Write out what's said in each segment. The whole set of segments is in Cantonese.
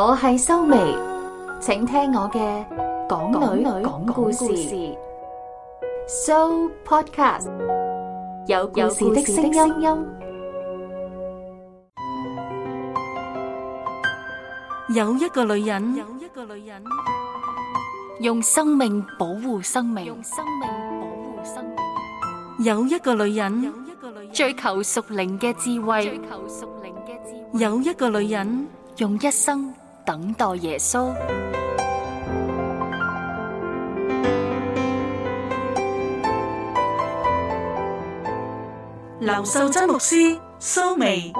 我係蘇眉，請聽我嘅講女女講故事。So Podcast 有故事的聲音。有一個女人，有一個女人用生命保護生命。用生命保護生命。有一個女人，有一個女人追求屬靈嘅智慧。追求屬靈嘅智慧。有一個女人用一生。等待耶穌，劉秀珍牧師蘇眉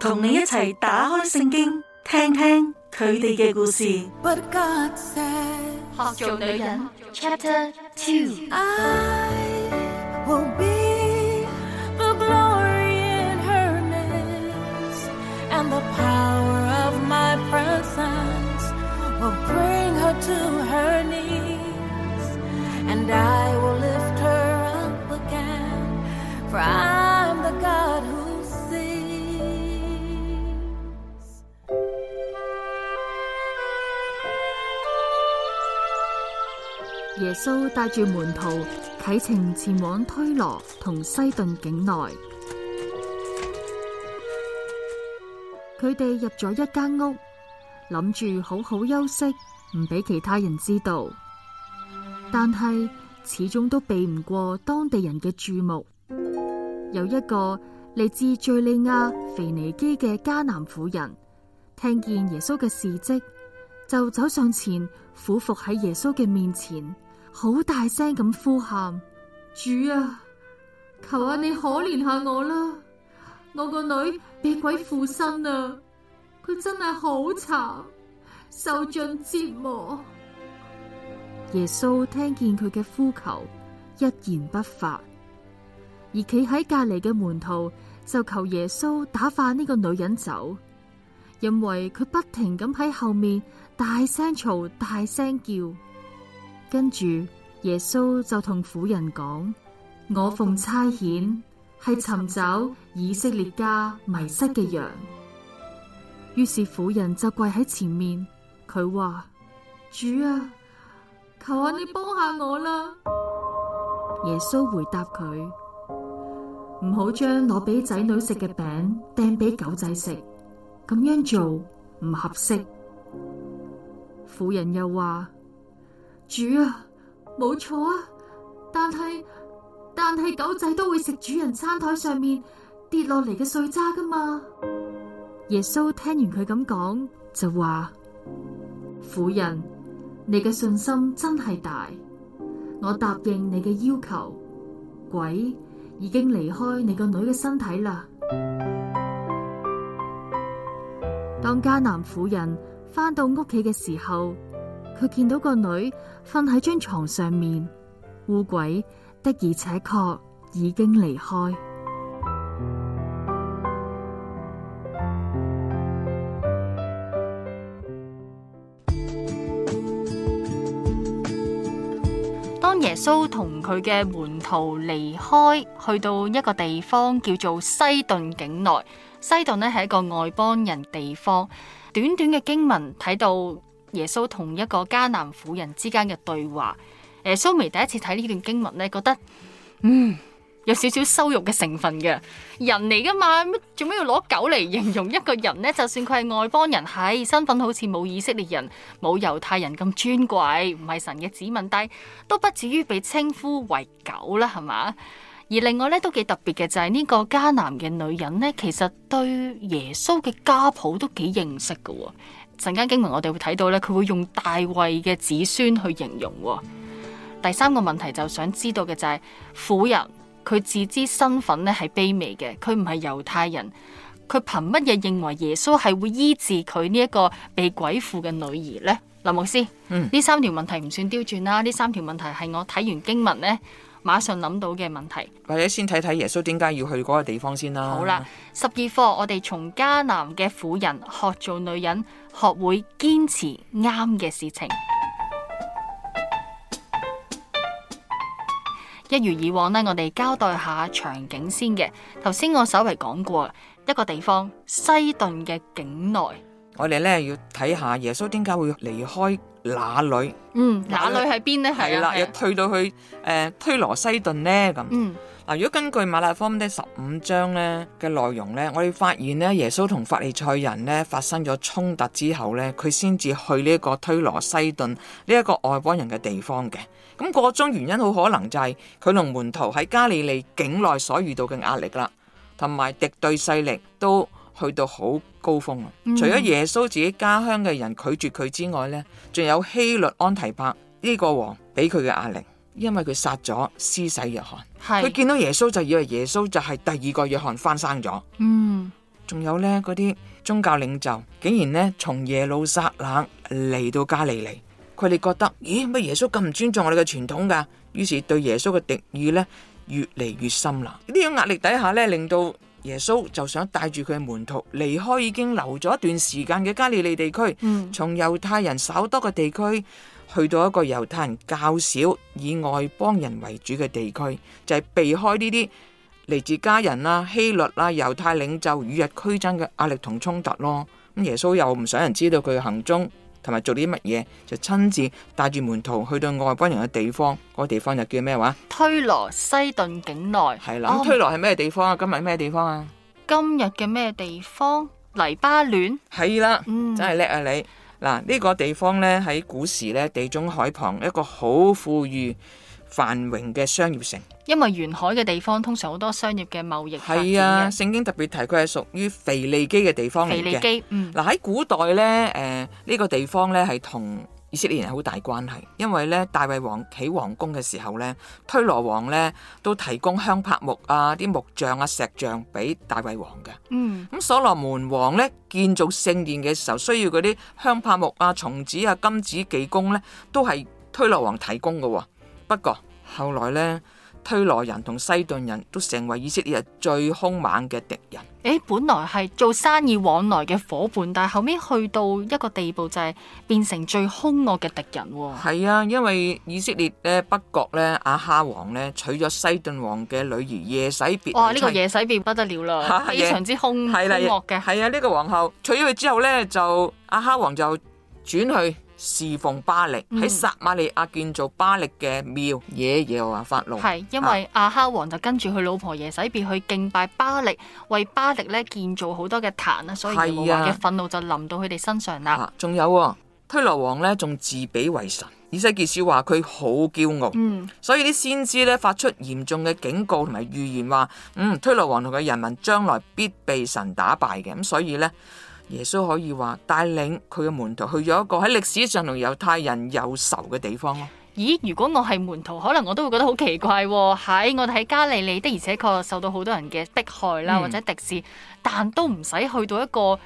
同你一齊打開聖經，聽聽佢哋嘅故事。學做女人 Chapter Two。都帶住門徒啟程前往推羅同西頓境內。佢哋入咗一間屋，諗住好好休息，唔俾其他人知道。但係始終都避唔過當地人嘅注目。有一個嚟自敘利亞腓尼基嘅迦南婦人，聽見耶穌嘅事跡，就走上前，俯伏喺耶穌嘅面前。好大聲咁呼喊，主啊，求下啊你可憐下我啦！我個女俾鬼附身啊，佢真係好慘，受盡折磨。耶穌聽見佢嘅呼求，一言不發。而企喺隔籬嘅門徒就求耶穌打發呢個女人走，因為佢不停咁喺後面大聲嘈、大聲叫。跟住耶穌就同婦人講：我奉差遣係尋找以色列家迷失嘅羊。於是婦人就跪喺前面，佢話：主啊，求下你幫下我啦！耶穌回答佢：唔好將攞俾仔女食嘅餅掟俾狗仔食，咁樣做唔合適。婦人又話。主啊，冇錯啊，但係但係狗仔都會食主人餐台上面跌落嚟嘅碎渣噶嘛。耶穌聽完佢咁講，就話：婦人，你嘅信心真係大，我答應你嘅要求。鬼已經離開你個女嘅身體啦。當迦南婦人翻到屋企嘅時候。佢見到個女瞓喺張床上面，污鬼的而且確已經離開。當耶穌同佢嘅門徒離開，去到一個地方叫做西頓境內，西頓呢係一個外邦人地方。短短嘅經文睇到。耶穌同一個迦南婦人之間嘅對話，誒，蘇眉第一次睇呢段經文呢，覺得嗯有少少羞辱嘅成分嘅，人嚟噶嘛，做咩要攞狗嚟形容一個人呢？就算佢係外邦人，係、哎、身份好似冇以色列人、冇猶太人咁尊貴，唔係神嘅子民，但都不至於被稱呼為狗啦，係嘛？而另外咧都幾特別嘅就係、是、呢個迦南嘅女人呢，其實對耶穌嘅家譜都幾認識噶。陣間經文我哋會睇到咧，佢會用大衛嘅子孫去形容。第三個問題就想知道嘅就係、是、婦人，佢自知身份咧係卑微嘅，佢唔係猶太人，佢憑乜嘢認為耶穌係會醫治佢呢一個被鬼附嘅女兒呢？林牧師，嗯，呢三條問題唔算刁鑽啦，呢三條問題係我睇完經文呢。馬上諗到嘅問題，或者先睇睇耶穌點解要去嗰個地方先啦。好啦，十二課，我哋從迦南嘅婦人學做女人，學會堅持啱嘅事情。 一如以往呢，我哋交代下場景先嘅。頭先我稍微講過一個地方，西頓嘅境內。我哋呢要睇下耶穌點解會離開，那嗯、那哪裏呢？嗯的，哪裏係邊咧？係啦的，又退到去誒、呃，推羅西頓呢。咁、嗯。嗱，如果根據馬太福音十五章咧嘅內容咧，我哋發現咧，耶穌同法利賽人咧發生咗衝突之後咧，佢先至去呢一個推羅西頓呢一個外邦人嘅地方嘅。咁、那個中原因好可能就係佢同門徒喺加利利境內所遇到嘅壓力啦，同埋敵對勢力都。去到好高峰啊，嗯、除咗耶穌自己家鄉嘅人拒絕佢之外呢，仲有希律安提帕呢個王俾佢嘅壓力，因為佢殺咗施洗約翰，佢是見到耶穌就以為耶穌就係第二個約翰翻生咗。嗯，仲有呢嗰啲宗教領袖竟然呢從耶路撒冷嚟到加利利，佢哋覺得咦，乜耶穌咁唔尊重我哋嘅傳統噶？於是對耶穌嘅敵意呢越嚟越深啦。呢種壓力底下呢令到。耶穌就想帶住佢嘅門徒離開已經留咗一段時間嘅加利利地區，嗯、從猶太人稍多嘅地區去到一個猶太人較少、以外邦人為主嘅地區，就係、是、避開呢啲嚟自家人啦、啊、希律啦、啊、猶太領袖與日俱增嘅壓力同衝突咯。咁耶穌又唔想人知道佢嘅行蹤。同埋做啲乜嘢，就親自帶住門徒去到外邦人嘅地方，嗰、那個、地方又叫咩話？推羅西頓境內。係啦的，咁、哦、推羅係咩地方啊？今日咩地方啊？今日嘅咩地方？黎巴嫩。係啦的，嗯、真係叻啊你！嗱、啊，呢、這個地方呢，喺古時呢地中海旁一個好富裕，繁榮嘅商業城，因為沿海嘅地方通常好多商業嘅貿易發展嘅。係啊，聖經特別提佢係屬於肥利基嘅地方嚟嘅。肥利基，嗱、嗯、喺古代咧，誒、呃、呢、呢個地方咧係同以色列人好大關係，因為咧大衛王起王宮嘅時候咧，推羅王咧都提供香柏木啊、啲木像啊、石像俾大衛王嘅。嗯，咁所羅門王咧建造聖殿嘅時候需要嗰啲香柏木啊、松子啊、金子、技工咧，都係推羅王提供嘅。不過後來咧，推羅人同西頓人都成為以色列最凶猛嘅敵人。誒，本來係做生意往來嘅伙伴，但係後尾去到一個地步，就係變成最凶惡嘅敵人。係啊，因為以色列咧北國咧，阿哈王咧娶咗西頓王嘅女兒耶洗別。哇，呢個耶洗別不得了啦，非常之凶惡嘅。係啊，呢個皇后娶咗佢之後咧，就阿哈王就轉去。侍奉巴力，喺撒瑪利亞建造巴力嘅廟，耶和華發怒，係因為亞哈王就跟住佢老婆耶洗別去敬拜巴力，為巴力咧建造好多嘅壇啦，所以耶和華嘅憤怒就臨到佢哋身上啦。仲、啊、有、哦、推羅王呢仲自比為神，以西結書話佢好驕傲，嗯，所以啲先知呢發出嚴重嘅警告同埋預言話，嗯，推羅王同佢嘅人民將來必被神打敗嘅，咁所以呢。耶穌可以話帶領佢嘅門徒去咗一個喺歷史上同猶太人有仇嘅地方咯。咦？如果我係門徒，可能我都會覺得好奇怪喎、哦。喺、哎、我哋喺加利利的，而且確受到好多人嘅迫害啦，或者敵視，嗯、但都唔使去到一個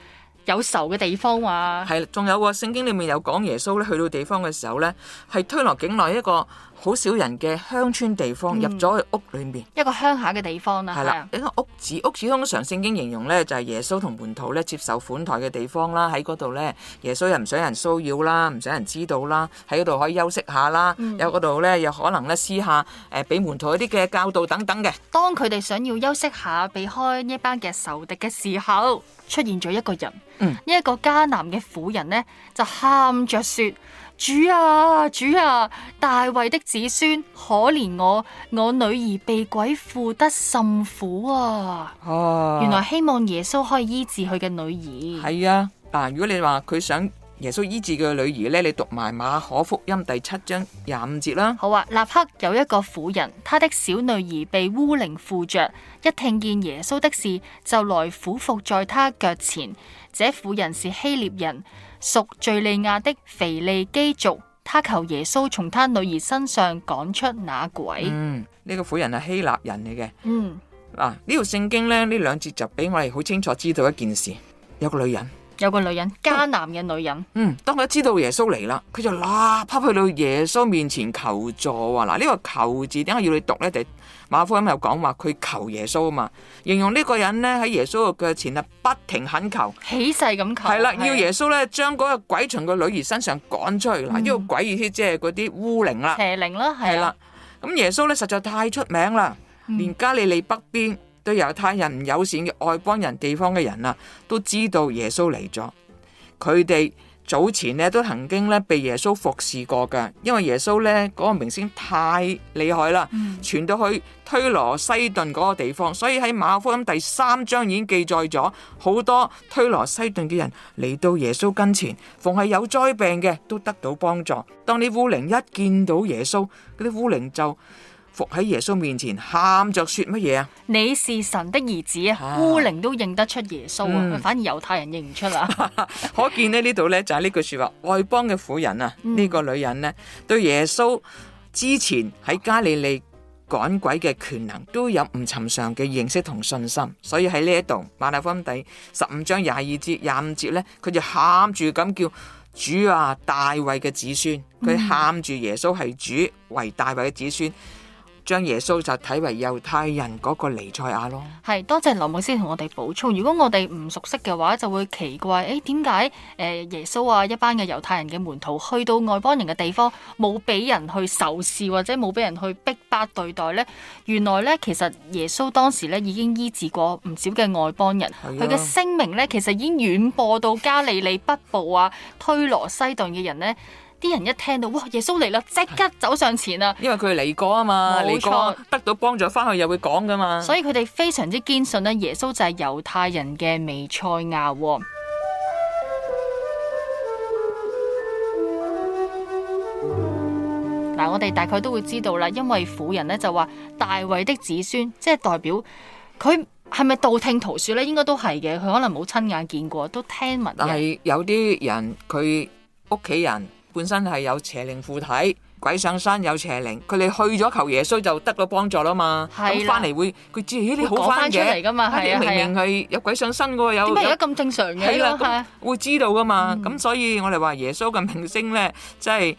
有仇嘅地方話。係，仲有啊，聖經裏面有講耶穌咧去到地方嘅時候呢，係推羅境內一個。好少人嘅鄉村地方入咗去屋裏面，嗯，一個鄉下嘅地方啦。係啦的，的一個屋子，屋子通常聖經形容呢，就係、是、耶穌同門徒咧接受款待嘅地方啦。喺嗰度呢，耶穌又唔想人騷擾啦，唔想人知道啦，喺嗰度可以休息下啦。有嗰度呢，又可能咧私下誒俾、呃、門徒一啲嘅教導等等嘅。當佢哋想要休息下，避開呢班嘅仇敵嘅時候，出現咗一個人。嗯，一個迦南嘅婦人呢，就喊着説。主啊，主啊！大衛的子孫可憐我，我女兒被鬼附得甚苦啊！哦、啊，原來希望耶穌可以醫治佢嘅女兒。係啊，嗱，如果你話佢想耶穌醫治佢嘅女兒呢，你讀埋馬可福音第七章廿五節啦。好啊，立刻有一個婦人，她的小女兒被污靈附着，一聽見耶穌的事，就來俯伏在他腳前。這婦人是希臘人。屬敘利亞的腓利基族，他求耶穌從他女兒身上趕出那鬼。嗯，呢、這個婦人係希臘人嚟嘅。嗯，嗱，呢條聖經咧，呢兩節就俾我哋好清楚知道一件事，有個女人。有個女人，迦南嘅女人。嗯，當佢知道耶穌嚟啦，佢就立刻去到耶穌面前求助，話，嗱呢個求字點解要你讀呢？地馬福音又講話佢求耶穌啊嘛，形容呢個人呢，喺耶穌嘅腳前啊，不停懇求，起勢咁求。係啦，要耶穌呢，將嗰個鬼從個女兒身上趕出去嗱，呢、嗯、個鬼意思即係嗰啲污靈啦、邪靈啦，係啦、啊。咁耶穌呢，實在太出名啦，連加利利北邊。嗯對猶太人唔友善嘅外邦人、地方嘅人啦,都知道耶穌嚟咗。佢哋早前呢都曾經呢被耶穌服侍過嘅，因為耶穌呢嗰個名聲太厲害啦，傳到去推羅西頓嗰個地方，所以喺馬可福音第三章已經記載咗好多推羅西頓嘅人嚟到耶穌跟前，逢係有災病嘅都得到幫助。當你污靈一見到耶穌，嗰啲污靈就。伏喺耶穌面前喊着說乜嘢啊？你是神的兒子啊，孤靈都認得出耶穌、嗯、反而猶太人認唔出啊。 可見咧呢度呢，就係呢句說話。外邦嘅婦人啊，呢、嗯、個女人呢，對耶穌之前喺加利利趕鬼嘅權能都有唔尋常嘅認識同信心，所以喺呢一度馬太福音第十五章廿二節廿五節呢，佢就喊住咁叫主啊，大衛嘅子孫。佢喊住耶穌係主，為大衛嘅子孫。嗯嗯將耶穌就睇為猶太人嗰個尼賽亞咯，係多謝羅牧師同我哋補充。如果我哋唔熟悉嘅話，就會奇怪，誒點解誒耶穌啊一班嘅猶太人嘅門徒去到外邦人嘅地方，冇俾人去仇視或者冇俾人去逼迫對待呢？原來呢，其實耶穌當時呢已經醫治過唔少嘅外邦人，佢嘅的聲明呢，其實已經遠播到加利利北部啊，推羅西頓嘅人呢。」啲人一聽到哇，耶穌嚟啦，即刻走上前啦。因為佢嚟過啊嘛，嚟錯過得到幫助，翻去又會講噶嘛。所以佢哋非常之堅信咧，耶穌就係猶太人嘅彌賽亞。嗱、 嗯，我哋大概都會知道啦，因為婦人呢就話大衛的子孫，即係代表佢係咪道聽途説呢？應該都係嘅，佢可能冇親眼見過，都聽聞。但係有啲人佢屋企人。本身係有邪靈附體、鬼上身有邪靈，佢哋去咗求耶穌就得到幫助啦嘛。咁翻嚟會佢知呢啲、哎、好翻出嚟噶嘛，係啊，的明明係有鬼上身噶，有點解咁正常嘅？係啦，會知道噶嘛。咁、嗯、所以我哋話耶穌嘅名聲咧，即係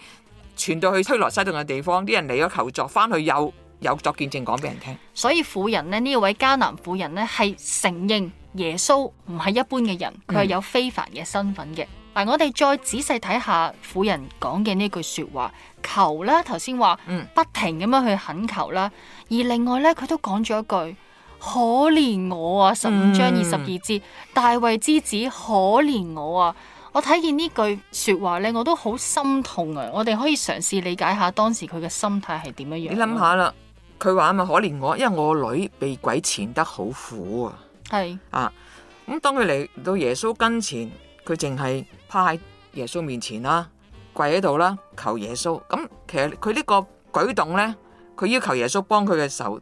傳到去推羅西頓嘅地方，啲人嚟咗求助，翻去有有，有作見證講俾人聽。所以婦人呢，位婦人呢位迦南婦人咧係承認耶穌唔係一般嘅人，佢係、嗯、有非凡嘅身份嘅。嗱，我哋再仔細睇下婦人講嘅呢句說話，求啦。頭先話不停咁樣去懇求啦。而另外咧，佢都講咗一句：可憐我啊！十五章二十二節，嗯、大衛之子，可憐我啊！我睇見呢句說話咧，我都好心痛啊！我哋可以嘗試理解下當時佢嘅心態係點樣樣、啊。你諗下啦，佢話啊嘛，可憐我，因為我個女被鬼纏得好苦啊。係、嗯、啊，咁當佢嚟到耶穌跟前，佢淨係。趴喺耶穌面前啦，跪喺度啦，求耶穌。咁其實佢呢個舉動呢，佢要求耶穌幫佢嘅時候，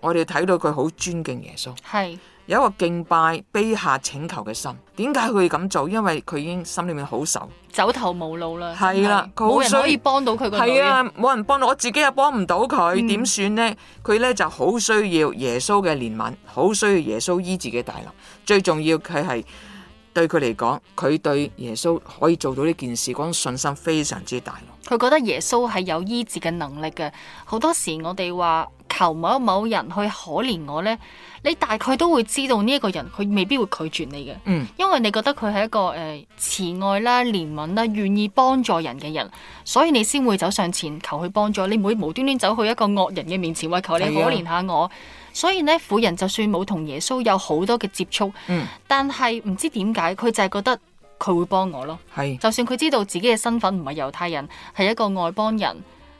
我哋睇到，佢好尊敬耶穌，係是有一個敬拜、卑下、請求嘅心。點解佢要咁做？因為佢已經心裏面好愁，走投無路啦。係啦、啊，冇人可以幫到佢。係啊，冇人幫到我，我自己又幫唔到佢，點算、嗯、呢？佢呢就好需要耶穌嘅憐憫，好需要耶穌醫治嘅大能。最重要佢係。對佢嚟講，佢對耶穌可以做到呢件事，嗰種信心非常之大。佢覺得耶穌係有醫治嘅能力嘅。好多時我哋話求某某人去可憐我呢，你大概都會知道呢一個人，佢未必會拒絕你嘅。嗯，因為你覺得佢係一個誒、呃、慈愛啦、憐憫啦、願意幫助人嘅人，所以你先會走上前求佢幫助，你唔會無端端走去一個惡人嘅面前話求你可憐下我。所以呢，婦人就算冇同耶穌有好多嘅接觸，嗯、但係唔知點解佢就係覺得佢會幫我咯。係是，就算佢知道自己嘅身份唔係猶太人，係一個外邦人，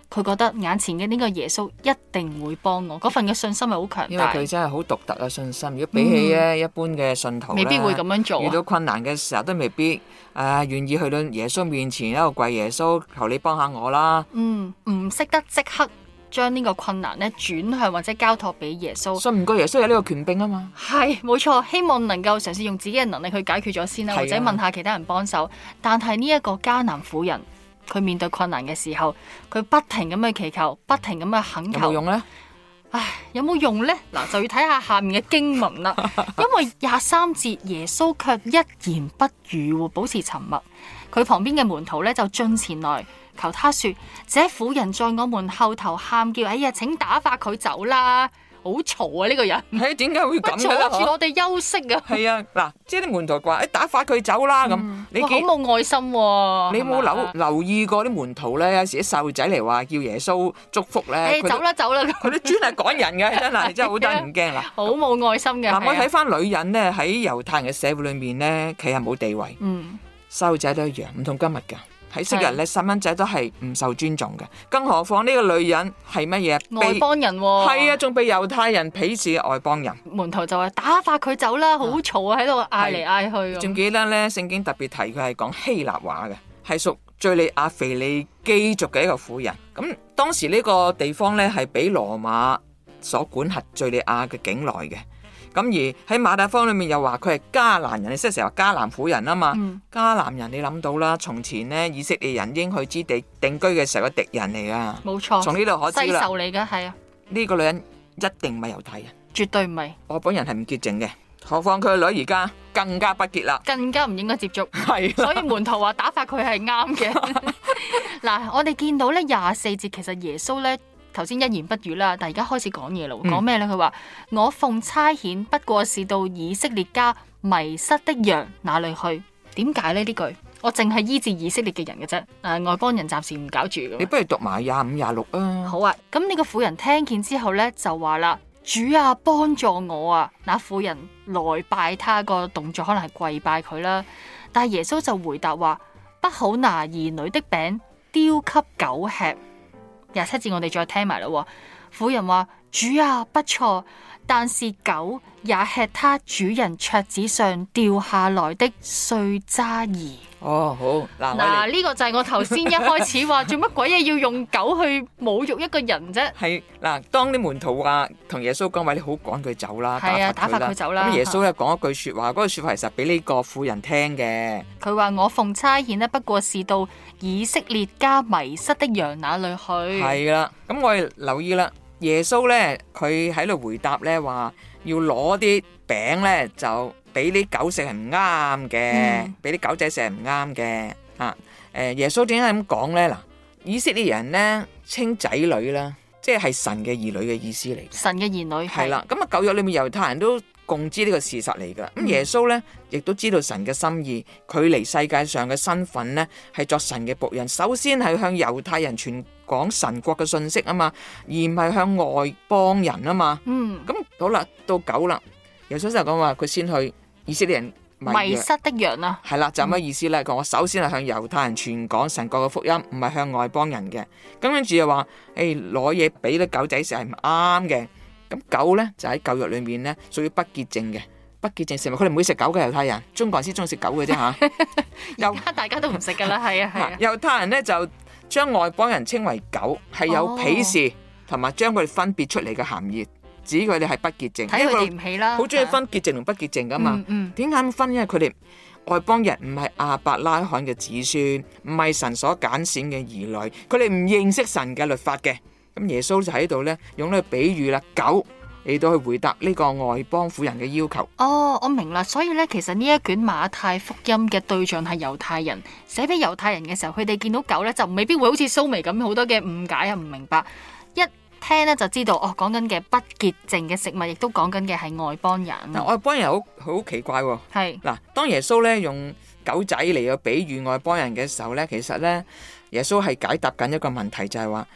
佢覺得眼前嘅呢個耶穌一定會幫我，嗰份嘅信心係好強，因為佢真係好獨特嘅信心，如果比起一般嘅信徒、嗯，未必會咁樣做。遇到困難嘅時候都未必誒，願、呃、意去到耶穌面前一個跪耶穌，求你幫下我啦。嗯，唔識得即刻。將呢個困難咧轉向或者交託俾耶穌，信唔過耶穌有呢個權柄啊嘛，係冇錯，希望能夠嘗試用自己嘅能力去解決咗先啦，啊、或者問下其他人幫手。但係呢一個迦南婦人，佢面對困難嘅時候，佢不停咁去祈求，不停咁去懇求，有冇用咧？唉，有冇用咧？嗱，就要睇下下面嘅經文啦。 因爲廿三節耶穌却一言不語，保持沉默。佢旁邊嘅門徒咧就進前來。求他說：這婦人在我們後頭喊叫，哎呀，請打發佢走啦，好嘈啊！呢個人，哎，點解會咁嘅？嘈住我哋休息啊！係啊，嗱，即係啲門徒話：哎，打發佢走啦！咁，你幾冇愛心。你有冇留留意過啲門徒咧？有時啲細路仔嚟，話叫耶穌祝福咧，走啦，走啦，佢啲專係趕人嘅，真係真係好得人驚啦，好冇愛心嘅。嗱，我睇翻女人咧喺猶太人嘅社會裏面咧，佢係冇地位，嗯，細路仔都一樣，唔同今日噶。喺昔日咧，細蚊仔都係唔受尊重嘅，更何況呢個女人係乜嘢外邦人？係啊，仲被猶太人鄙視外邦人。門徒就話打發佢走啦，好嘈啊，喺度嗌嚟嗌去。仲記得咧，聖經特別提佢係講希臘話嘅，係屬敍利亞腓尼基族嘅一個婦人。咁當時呢個地方咧係俾羅馬所管轄敍利亞嘅境內嘅。咁而喺馬太福音裏面又話佢係迦南人，你係成日話迦南婦人啊嘛。迦南、嗯、人你諗到啦，從前咧以色列人應許之地定居嘅時候嘅敵人嚟噶，冇錯。從呢度可以知啦，世仇嚟噶，係啊。呢個女人一定唔係猶太人，絕對唔係。我本人係唔潔淨嘅，何況佢個女而家更加不潔啦，更加唔應該接觸。係、啊，所以門徒話打發佢係啱嘅。嗱、 呃，我哋見到咧廿四節，其實耶穌咧。頭先一言不語啦，但而家開始講嘢啦，講咩咧？佢話我奉差遣，不過是到以色列家迷失的羊那裏去？點解呢？呢句我淨係醫治以色列嘅人嘅啫、呃，外邦人暫時唔搞住。你不如讀埋廿五廿六啊！好啊，咁呢個婦人聽見之後咧，就話啦：主啊，幫助我啊！那婦人來拜他個動作可能係跪拜佢啦，但係耶穌就回答話：不好拿兒女的餅丟給狗吃。廿七節，我哋再聽埋咯。婦人話：主啊，不錯。但是狗也吃它主人桌子上掉下來的碎渣兒。哦，好嗱，我哋嗱，呢個就係我頭先一開始話做乜鬼嘢要用狗去侮辱一個人啫。係嗱，當啲門徒話同耶穌講話，你好趕佢走啦，係啊，打發佢走啦。咁耶穌又講一句說話，嗰句說話其實俾呢個婦人聽嘅。佢話我奉差遣呢，不過是到以色列家迷失的羊那裏去。係啦，咁我哋留意啦。耶穌呢，佢喺度回答呢話，要攞啲餅呢，就俾啲狗食係唔啱嘅，俾啲、嗯、狗仔食係唔啱嘅。啊，耶穌點解咁講呢？嗱，以色列人呢，稱仔女啦，即係神嘅兒女嘅意思嚟。神嘅兒女係啦，咁啊，舊約裏面猶太人都共知呢個事實嚟噶。咁、嗯、耶穌呢，亦都知道神嘅心意，佢嚟世界上嘅身份呢，係作神嘅僕人，首先係向猶太人傳講神國嘅信息啊嘛，而唔係向外邦人啊嘛。嗯，咁好啦，到狗啦，耶穌就講話佢先去以色列人迷失的羊啦。係啦，就咩意思咧？我首先係向猶太人傳講神國嘅福音，唔係向外邦人嘅。咁跟住又話，誒，攞嘢俾啲狗仔食係唔啱嘅。咁狗咧就喺舊約裏面咧，屬於不潔淨嘅，不潔淨食物。佢哋唔會食狗嘅，猶太人。中國人先中意食狗嘅啫吓。猶大家都唔食噶啦，係啊係。猶太人咧就。將外邦人稱為狗係有鄙視同埋將佢哋分別出嚟嘅含義，指佢哋係不潔淨，因為好鍾意分潔淨同不潔淨㗎嘛。點解咁分？嗯、因為佢哋外邦人唔係亞伯拉罕嘅子孫，唔係神所揀選嘅兒女，佢哋唔認識神嘅律法嘅。咁耶穌就喺度呢，用呢個比喻啦，狗。你都去回答呢個外邦婦人嘅要求。哦，我明啦，所以呢，其實呢一卷馬太福音嘅對象係猶太人，寫俾猶太人嘅時候，佢哋見到狗呢，就未必會好似蘇眉咁好多嘅誤解啊，唔明白。一聽呢就知道，哦，講緊嘅不潔淨嘅食物，亦都講緊嘅係外邦人。嗱，外邦人好好奇怪喎。係。嗱，當耶穌呢，用狗仔嚟到比喻外邦人嘅時候呢，其實呢，耶穌係解答緊一個問題，就係話。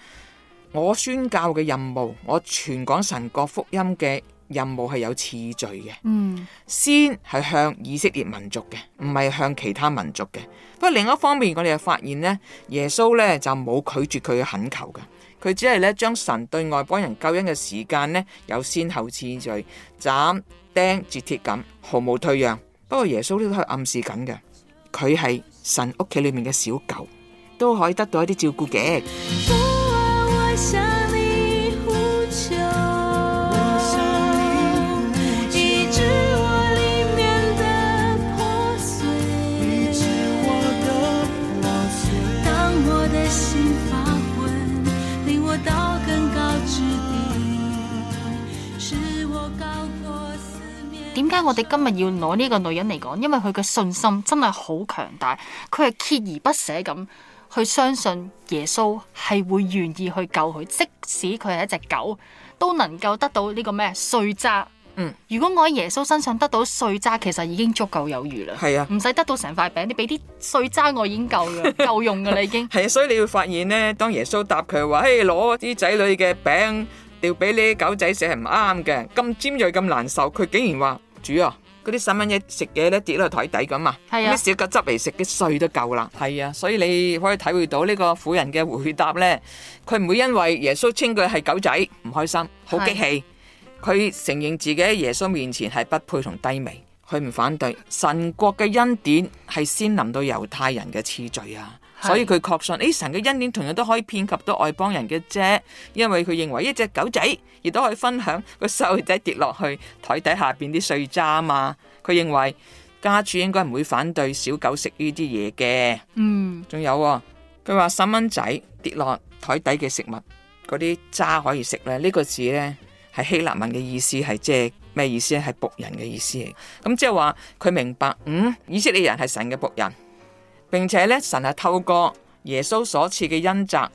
我宣教嘅任務，我全港神國福音嘅任務係有次序嘅。嗯，先係向以色列民族嘅，唔係向其他民族嘅。不過另一方面，我哋又發現呢，耶穌呢就冇拒絕佢嘅懇求嘅，佢只係呢將神對外邦人救恩嘅時間呢，有先後次序，斬釘截鐵咁，毫無退讓。不過耶穌呢都係暗示緊嘅，佢係神屋企裏面嘅小狗，都可以得到一啲照顧嘅。因為我哋今日要攞呢個女人嚟講，因為佢嘅信心真係好強大，佢係鍥而不捨咁去相信耶穌係會願意去救佢，即使佢係一隻狗都能夠得到呢個咩碎渣。嗯，如果我喺耶穌身上得到碎渣，其實已經足夠有餘啦。係啊，唔使得到成塊餅，你俾啲碎渣我已經夠啦，夠用噶啦 已經。係，所以你會發現呢。當耶穌答佢話，嘿，攞啲仔女嘅餅掉俾你啲狗仔食係唔啱嘅，咁尖銳咁難受，佢竟然話。煮啊，嗰啲細蚊仔食嘢咧跌落去台底咁啊，啲小狗執嚟食啲碎都夠啦。係啊，所以你可以體會到呢個婦人嘅回答咧，佢唔會因為耶穌稱佢係狗仔唔開心，好激氣，佢是承認自己喺耶穌面前係不配同低微，佢唔反對神國嘅恩典係先臨到猶太人嘅次序啊。所以佢確信，誒、哎、神嘅恩典同樣都可以遍及到外邦人嘅啫。因為佢認為一隻狗仔亦都可以分享個細路仔跌落去台底下邊啲碎渣啊嘛。佢認為家主應該唔會反對小狗食呢啲嘢嘅。嗯，仲有啊、哦，佢話細蚊仔跌落台底嘅食物嗰啲渣可以食咧。呢、這個字呢，係希臘文嘅意思，係即係咩意思咧？係僕人嘅意思嚟。咁即係話佢明白，嗯，以色列人係神嘅僕人。並且咧，神係透過耶穌所賜嘅恩澤，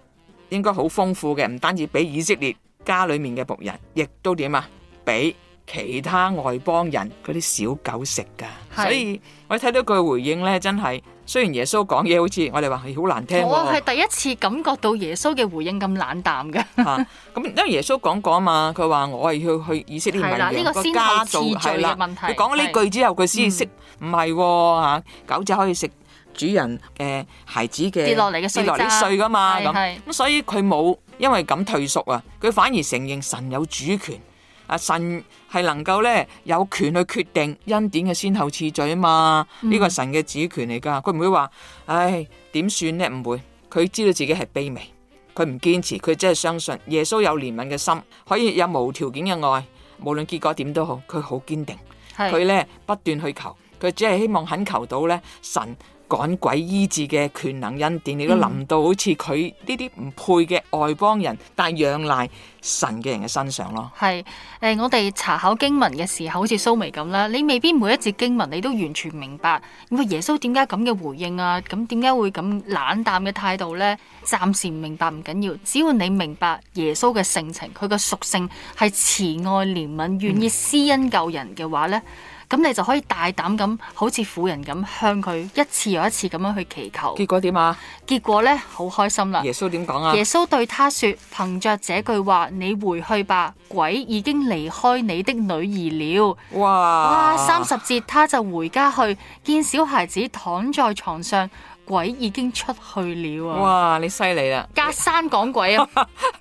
應該好豐富嘅。唔單止俾以色列家裏面嘅僕人，亦都點啊？俾其他外邦人嗰啲小狗食噶。所以我睇到佢嘅回應咧，真係雖然耶穌講嘢好似我哋話係好難聽，我係第一次感覺到耶穌嘅回應咁冷淡噶吓。咁因為耶穌講講啊嘛，佢話我係要去以色列民嘅個家族係啦。佢講呢句之後，佢先識唔係吓狗仔可以食。主人嘅、呃、孩子嘅跌落嚟嘅跌落嚟嘅碎噶嘛咁咁，所以佢冇因為咁退縮啊。佢反而承認神有主權，阿、啊、神係能夠咧有權去決定恩典嘅先後次序啊嘛。呢、嗯、個係神嘅主權嚟噶，佢唔會話唉點算咧，唔、哎、會佢知道自己係卑微，佢唔堅持，佢真係相信耶穌有憐憫嘅心，可以有無條件嘅愛，無論結果點都好，佢好堅定，佢咧不斷去求，佢是只係希望懇求到咧神。趕鬼醫治嘅權能恩典，你都臨到好似佢呢啲唔配嘅外邦人，但係仰賴神嘅人嘅身上咯。係、嗯，誒、呃、我哋查考經文嘅時候，好似蘇眉咁啦，你未必每一節經文你都完全明白。咁啊，耶穌點解咁嘅回應啊？咁點解會咁冷淡嘅態度呢？暫時唔明白唔緊要，只要你明白耶穌嘅性情，佢嘅屬性係慈愛憐憫、願意施恩救人嘅話呢。嗯咁你就可以大膽咁，好似婦人咁向佢一次又一次咁樣去祈求。結果點啊？結果咧，好開心啦！耶穌點講啊？耶穌對他說：憑着這句話，你回去吧，鬼已經離開你的女兒了。哇！哇！三十節，他就回家去，見小孩子躺在牀上，鬼已經出去了啊。哇！你犀利啦！隔山講鬼啊！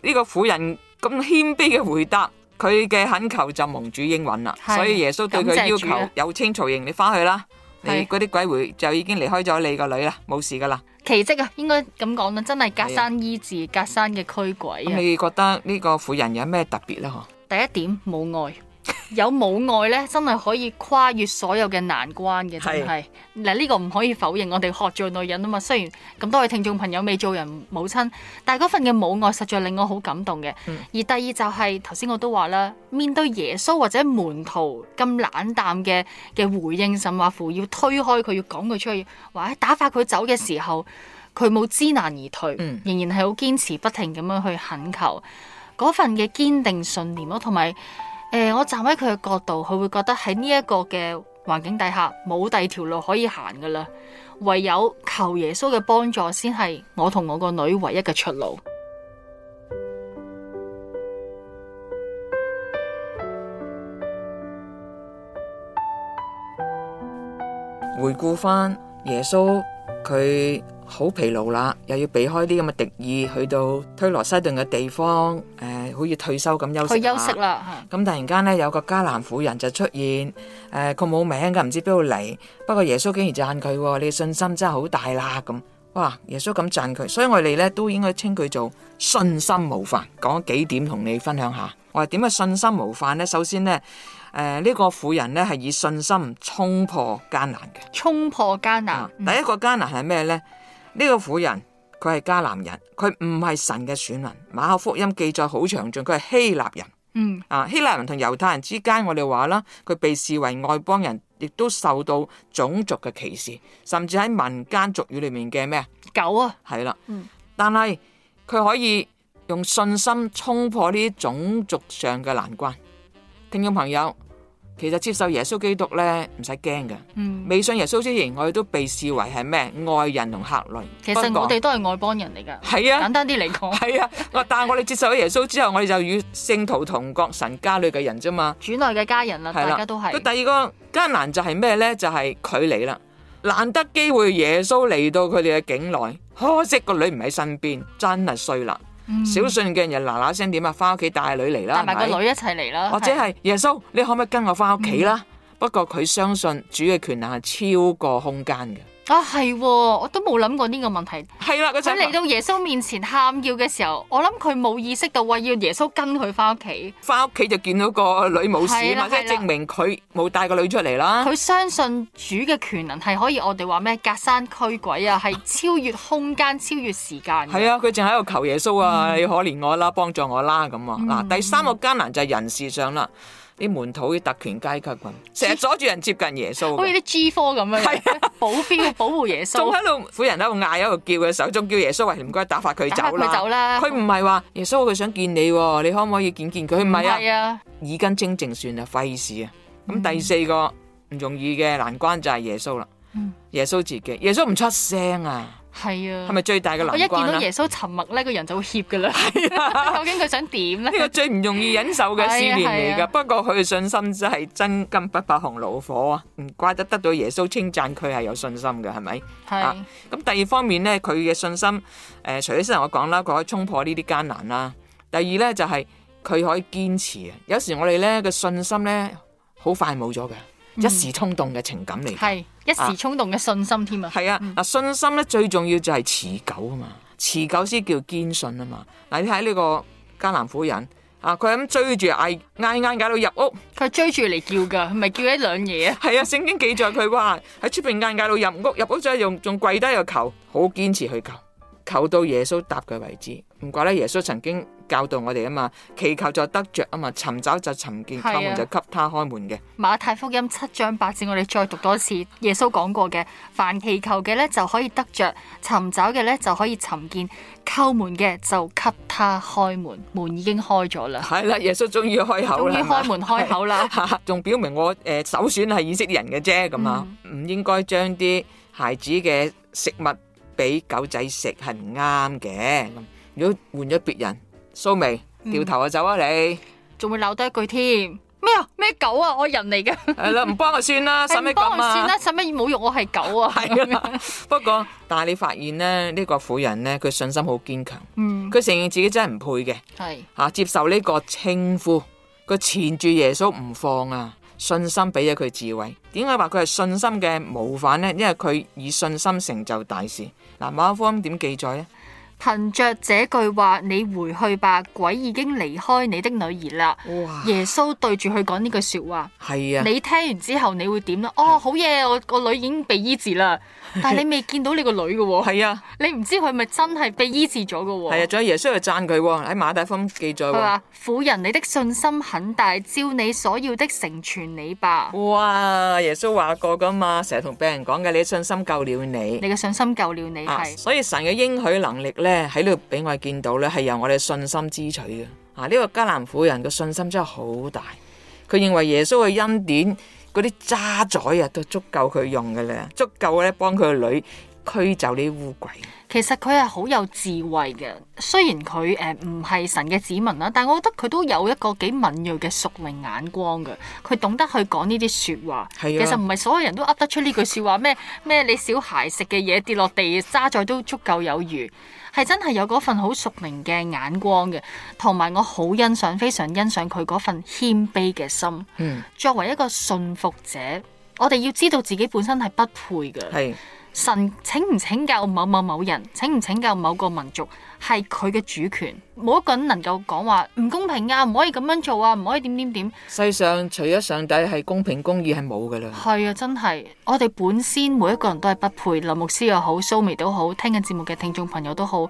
呢 個婦人咁謙卑嘅回答。佢嘅懇求就蒙主應允啦，的所以耶穌對佢要求、啊、有清除型。你翻去啦，的你嗰啲鬼會就已經離開咗你個女啦，冇事噶啦，奇跡啊，應該咁講啦，真係隔山醫治，的隔山嘅驅鬼、啊嗯。你覺得呢個婦人有咩特別咧？嗬？第一點冇愛。 有母愛咧，真係可以跨越所有嘅難關嘅，係嗱呢個唔可以否認。我哋學做女人啊嘛，雖然咁多位聽眾朋友未做人母親，但係嗰份嘅母愛實在令我好感動嘅。嗯、而第二就係頭先我都話啦，面對耶穌或者門徒咁冷淡嘅嘅回應，甚至乎要推開佢，要講佢出去，或者打發佢走嘅時候，佢冇知難而退，嗯、仍然係好堅持，不停咁樣去懇求嗰份嘅堅定信念咯，同埋。誒、呃，我站喺佢嘅角度，佢會覺得喺呢一個嘅環境底下，冇第二條路可以行噶啦，唯有求耶穌嘅幫助先係我同我個女唯一嘅出路。回顧翻耶穌，佢好疲勞啦，又要避開啲咁嘅敵意，去到推羅西頓嘅地方，呃好似退休咁休息下，咁突然間咧有個迦南婦人就出現，誒佢冇名噶，唔知邊度嚟，不過耶穌竟然讚佢，你信心真係好大啦，咁哇耶穌咁讚佢，所以我哋咧都應該稱佢做信心模範。講幾點同你分享下，我話點解信心模範咧，首先咧，誒、呃、呢、這個婦人咧係以信心衝破艱難嘅，衝破艱難。嗯、第一個艱難係咩咧？呢、這個婦人。佢係迦南人，佢唔係神嘅選民。馬可福音記載好詳盡，佢係希臘人。嗯，啊，希臘人同猶太人之間，我哋話啦，佢被視為外邦人，亦都受到種族嘅歧視，甚至喺民間俗語裏面嘅咩狗啊，係啦的。嗯，但係佢可以用信心衝破呢啲種族上嘅難關。聽眾朋友，其實接受耶穌基督咧，唔使驚噶。嗯、未信耶穌之前，我哋都被視為係咩外人同客類。其實我哋都係愛邦人嚟噶。係啊，簡單啲嚟講。係啊，但係我哋接受咗耶穌之後，我哋就與聖徒同國神家裏嘅人啫嘛。主內嘅家人啦、啊，大家都係。咁第二個艱難就係咩咧？就係距離啦，難得機會耶穌嚟到佢哋嘅境內，可惜個女唔喺身邊，真係衰啦。 小信嘅人嗱嗱聲點啊，返屋企帶女嚟啦，帶埋個女一齊嚟啦， 或者係耶穌，你可唔可以跟我返屋企啦？ 不過佢相信主嘅權能係超過空間嘅。啊，係，我都冇諗過呢個問題。係啦，佢想，嚟到耶穌面前喊叫嘅時候，我諗佢冇意識到話要耶穌跟佢翻屋企，翻屋企就見到個女冇事嘛，即係證明佢冇帶個女出嚟啦。佢相信主嘅權能係可以我，我哋話咩隔山驅鬼啊，係超越空間， 超越時間。係啊，佢淨喺度求耶穌啊，嗯、你可憐我啦，幫助我啦咁啊。嗱，嗯、第三個艱難就係人事上啦。啲門徒啲特權階級群成日阻住人接近耶穌，好似啲 G Four 咁樣， 保鏢保護耶穌，仲喺度婦人喺度嗌喺度叫嘅時候，手中叫耶穌喂，唔該打發佢走啦，佢唔係話耶穌佢想見你喎、哦，你可唔可以見見佢？唔係啊，啊耳根清淨算啦，費事啊。咁、嗯、第四個唔容易嘅難關就係耶穌啦，嗯、耶穌自己，耶穌唔出聲啊。係啊，係咪最大嘅難關？我一見到耶穌沉默咧，個人就會怯噶啦。 究竟佢想點咧？呢個最唔容易忍受嘅試驗嚟噶。 不過佢嘅信心真係真金不怕紅爐火啊！唔怪得得到耶穌稱讚佢係有信心嘅，係咪？係是。咁、啊、第二方面咧，佢嘅信心，誒、呃，隨啲先同我講啦，佢可以衝破呢啲艱難啦。第二咧就係佢可以堅持啊。有時我哋咧嘅信心咧，好快冇咗嘅。一時衝動嘅情感嚟，係一時衝動嘅信心添啊！係啊，嗱、啊啊、信心咧，最重要就係持久啊嘛，持久先叫堅信啊嘛。嗱你睇呢個迦南婦人啊，佢咁、啊、追住嗌嗌嗌嗌，到入屋，佢追住嚟叫噶，係咪叫一兩嘢啊？係 啊，聖經記載佢話喺出邊嗌，嗌到入屋，入屋之後仲跪低又求，好堅持去求，求到耶穌答佢為止。唔怪得耶穌曾經。教導我哋啊嘛，祈求就得着啊嘛，尋找就尋見，叩門就給他開門嘅、啊。馬太福音七章八節，我哋再讀多次耶穌講過嘅：凡祈求嘅咧就可以得着，尋找嘅咧就可以尋見，叩門嘅就給他開門。門已經開咗啦，係啦，耶穌終於開口啦，終於開門開口啦，仲 表明我誒首選係以色列人嘅啫，咁啊、嗯，唔應該將啲孩子嘅食物俾狗仔食係唔啱嘅。如果換咗別人。蘇眉，掉頭就走啊！你仲會鬧多一句添咩啊？咩狗啊？我人嚟嘅。係啦，唔幫佢算啦，使乜咁啊？唔幫佢算啦，使乜侮辱我係狗啊，係、 啊、不過，但係你發現咧，呢、這個婦人呢，佢信心好堅強。佢承、嗯、認自己真係唔配嘅。係是。吓、啊，接受呢個稱呼，佢纏住耶穌唔放啊！信心俾咗佢智慧，點解話佢係信心嘅模範呢？因為佢以信心成就大事。嗱，馬可福音點記載呢？憑着這句話，你回去吧，鬼已經離開你的女兒啦。哇耶穌對住佢講呢句說話，係啊，你聽完之後你會點啦？哦，是好嘢，我個女已經被醫治啦。但係你未見到你個女嘅喎，係啊，你唔知佢係咪真係被醫治咗嘅？係啊，仲有耶穌嚟讚佢喎。喺馬大福音記載，佢話：婦人，你的信心很大，照你所要的成全你吧。哇！耶穌話過噶嘛，成日同病人講嘅，你信心救了你，你嘅信心救了你係、啊。所以神嘅應許能力喺呢度俾我哋見到咧，係由我哋信心支取嘅啊！呢個迦南婦人嘅信心真係好大，佢認為耶穌嘅恩典嗰啲渣滓啊，都足夠佢用嘅咧，足夠咧幫佢個女驅走呢啲烏鬼。其實佢係好有智慧嘅，雖然佢誒唔係神嘅子民啦，但係我覺得佢都有一個幾敏鋭嘅屬靈眼光嘅。佢懂得去講呢啲説話，是啊、其實唔係所有人都噏得出呢句説話咩咩？你小孩食嘅嘢跌落地渣滓都足夠有餘。係真係有嗰份好熟明嘅眼光嘅，同埋我好欣賞，非常欣賞佢嗰份謙卑嘅心。嗯，作為一個信服者，我哋要知道自己本身係不配嘅。係。神請唔請教某某某人，請唔請教某個民族，係佢嘅主權，冇一個人能夠講話唔公平啊，唔可以咁樣做啊，唔可以點點點。世上除咗上帝係公平公義係冇噶啦。係啊，真係，我哋本身每一個人都係不配。林牧師又好，蘇眉都好，聽緊節目嘅聽眾朋友都好，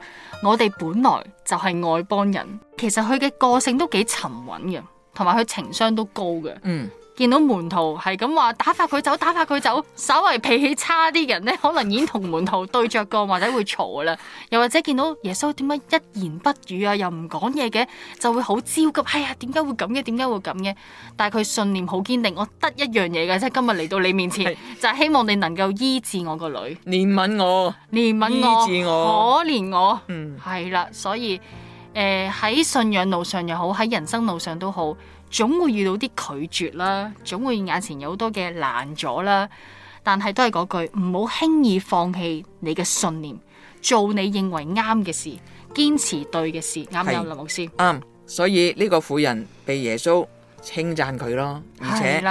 我哋本來就係外邦人。其實佢嘅個性都幾沉穩嘅，同埋佢情商都高嘅。嗯。見到門徒係咁話打發佢走，打發佢走，稍為脾氣差啲人咧，可能已經同門徒對着幹或者會嘈啦。又或者見到耶穌點解一言不語啊，又唔講嘢嘅，就會好焦急。哎呀，點解會咁嘅？點解會咁嘅？但係佢信念好堅定，我得一樣嘢嘅，即係今日嚟到你面前，是就係希望你能夠醫治我個女，憐憫我，憐憫我，醫治我，可憐我。憐我。嗯，係啦，所以誒喺、呃、信仰路上又好，喺人生路上都好。總會遇到啲拒絕啦，總會眼前有好多嘅難阻啦，但係都係嗰句唔好輕易放棄你嘅信念，做你認為啱嘅事，堅持對嘅事，啱唔啱？林老師啱、嗯，所以呢個婦人被耶穌稱讚佢咯，而且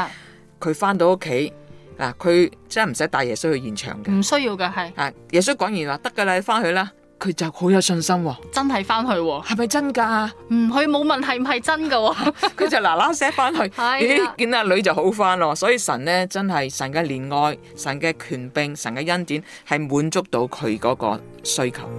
佢翻到屋企嗱，佢真係唔使帶耶穌去現場嘅，唔需要嘅係啊，耶穌講完話得噶啦，你翻去啦。佢就好有信心喎，真係翻去喎，係咪真噶？唔，佢冇問係唔係真噶，佢就嗱嗱聲翻去，咦，見阿女就好翻咯，所以神呢真係神嘅憐愛，神嘅權柄，神嘅恩典係滿足到佢嗰個需求，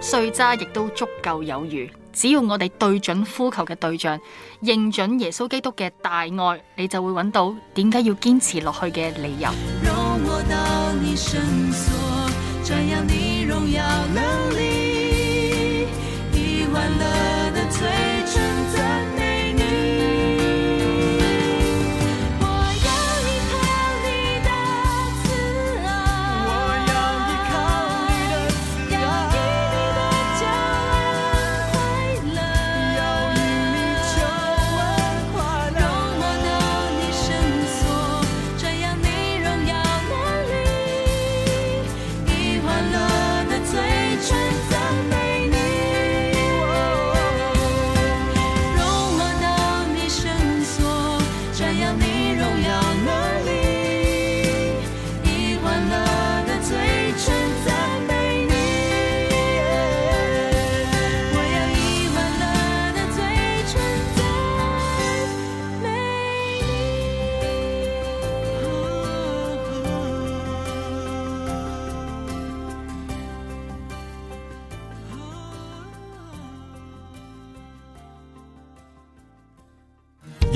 碎渣亦都足夠有餘。只要我哋對準呼求嘅對象，認準耶穌基督嘅大愛，你就會揾到點解要堅持落去嘅理由。